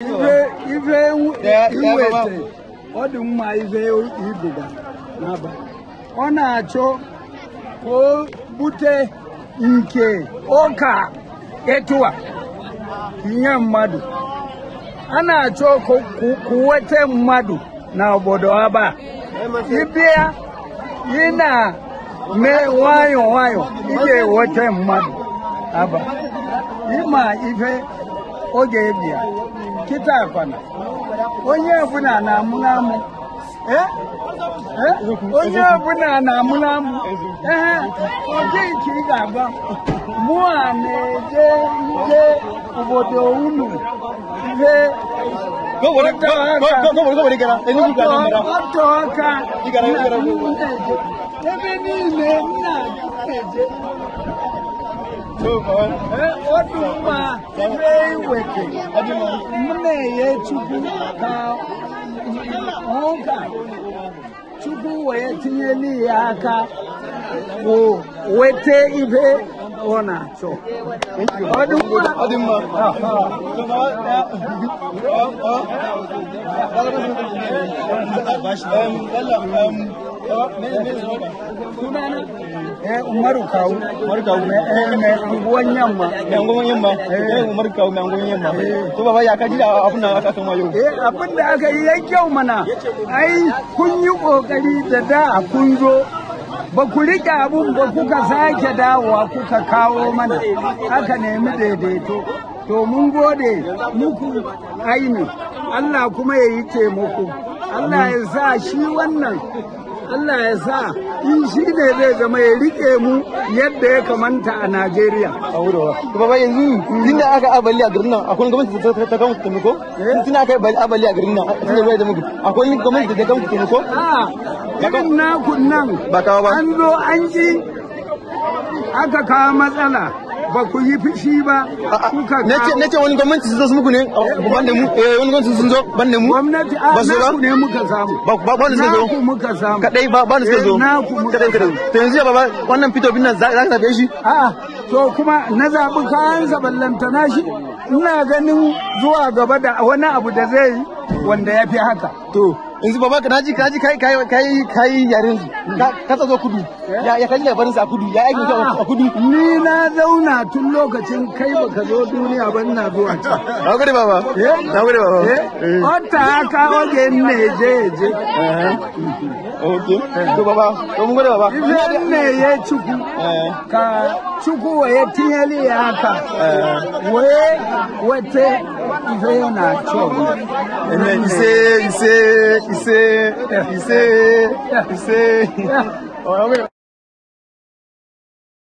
ife iwete ọ dị mma ife ibuga n'aba ọ na-achọ ka o bute nke ụka etuwa nye mmadụ a na-achọ ka mmadụ na obodo aba ịbịa ị na-eme nwayọọ nwayọọ ị ga-eweta mmadụ aba ịma ife oge bịa kịta akwana onye ọbụla na-amụ n'amụ eh? eh? onye ọbụla na-amụ n'amụ ee ọ dịghị ka ị ga-agba mụ a na-eje nje obodo unu ihe ọtọ ọka ebe niile nna na-eje obi mma ibe iwete m na chukwu ka ụka chukwu wee tinye ya aka wete ibe ọ na-achọ sunana eh, umaru kawu umaru kawu eh, eh mai unguwan yamma mai unguwan eh. umaru kawu mai unguwan yamma to baba ya kaji da abin da aka sama yau eh abin da aka yi yayi mana ai kun yi kokari da da kun zo ba ku rike abun ba kuka sake dawowa kuka kawo mana aka nemi daidaito to mun gode muku aini Allah kuma ya yi taimako Allah ya sa shi wannan Allah ya sa in shi ne zai zama ya rike mu yadda ya kamanta a Najeriya. Kuma ba yanzu tunda aka abali a garin nan akwai gwamnati da ta ku taimako? Eh? Tunda aka abali a garin nan tunda bai da muku akwai gwamnati da ta ku taimako? A'a. Irin nakun nan an zo an ji aka kawo matsala. ba ku yi fishi ba kuka nace nace wani gwamnati sun zo muku ne eh, ban da mu eh wani gwamnati sun zo ban da mu gwamnati a ba ku ne muka samu ba ba ba suka zo muka samu kadai ba ba suka zo eh, kadai kadai to yanzu baba wannan fito bin nan za ka tafi shi a'a to kuma na zabi kayan zaballantana shi ina ganin zuwa gaba da wani abu da zai yi wanda ya fi haka to yanzu baba ka naji kai kai kai kai kai yaren ka tsazo kudu ya ya kan labarin sa kudu ya aiki a kudu ni na zauna tun lokacin kai baka zo duniya ba ina zuwa ta nagode baba eh? nagode baba ta ka waje ne je je Okay. To baba, to mun gode baba. Ibrahim ne ya eh, Ka cuku wa ya eh. tinyali ya haka. We wete ife na chobu. Ene ise ise ise ise ise.